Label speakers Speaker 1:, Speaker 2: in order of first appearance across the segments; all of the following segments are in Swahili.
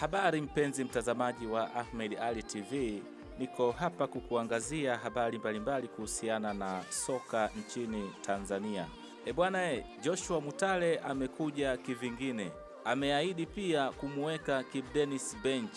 Speaker 1: Habari mpenzi mtazamaji wa Ahmed Ali TV, niko hapa kukuangazia habari mbalimbali kuhusiana na soka nchini Tanzania. E bwana e, Joshua Mutale amekuja kivingine, ameahidi pia kumuweka Kip Dennis bench,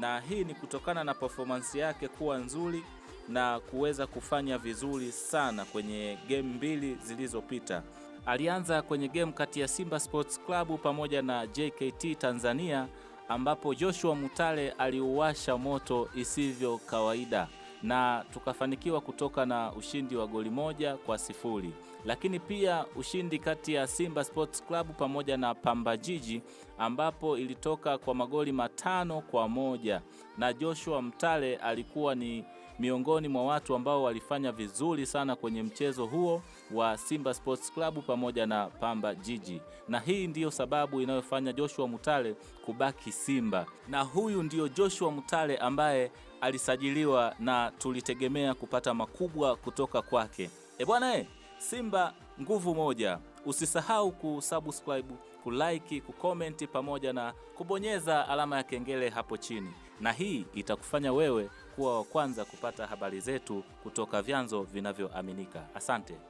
Speaker 1: na hii ni kutokana na performance yake kuwa nzuri na kuweza kufanya vizuri sana kwenye game mbili zilizopita. Alianza kwenye game kati ya Simba Sports Club pamoja na JKT Tanzania ambapo Joshua Mutale aliuwasha moto isivyo kawaida na tukafanikiwa kutoka na ushindi wa goli moja kwa sifuri, lakini pia ushindi kati ya Simba Sports Club pamoja na Pamba Jiji ambapo ilitoka kwa magoli matano kwa moja na Joshua Mtale alikuwa ni miongoni mwa watu ambao walifanya vizuri sana kwenye mchezo huo wa Simba Sports Club pamoja na Pamba Jiji, na hii ndiyo sababu inayofanya Joshua Mutale kubaki Simba, na huyu ndiyo Joshua Mutale ambaye alisajiliwa na tulitegemea kupata makubwa kutoka kwake. E bwana, Simba nguvu moja. Usisahau kusubscribe, kulike, kukomenti pamoja na kubonyeza alama ya kengele hapo chini, na hii itakufanya wewe kuwa wa kwanza kupata habari zetu kutoka vyanzo vinavyoaminika. Asante.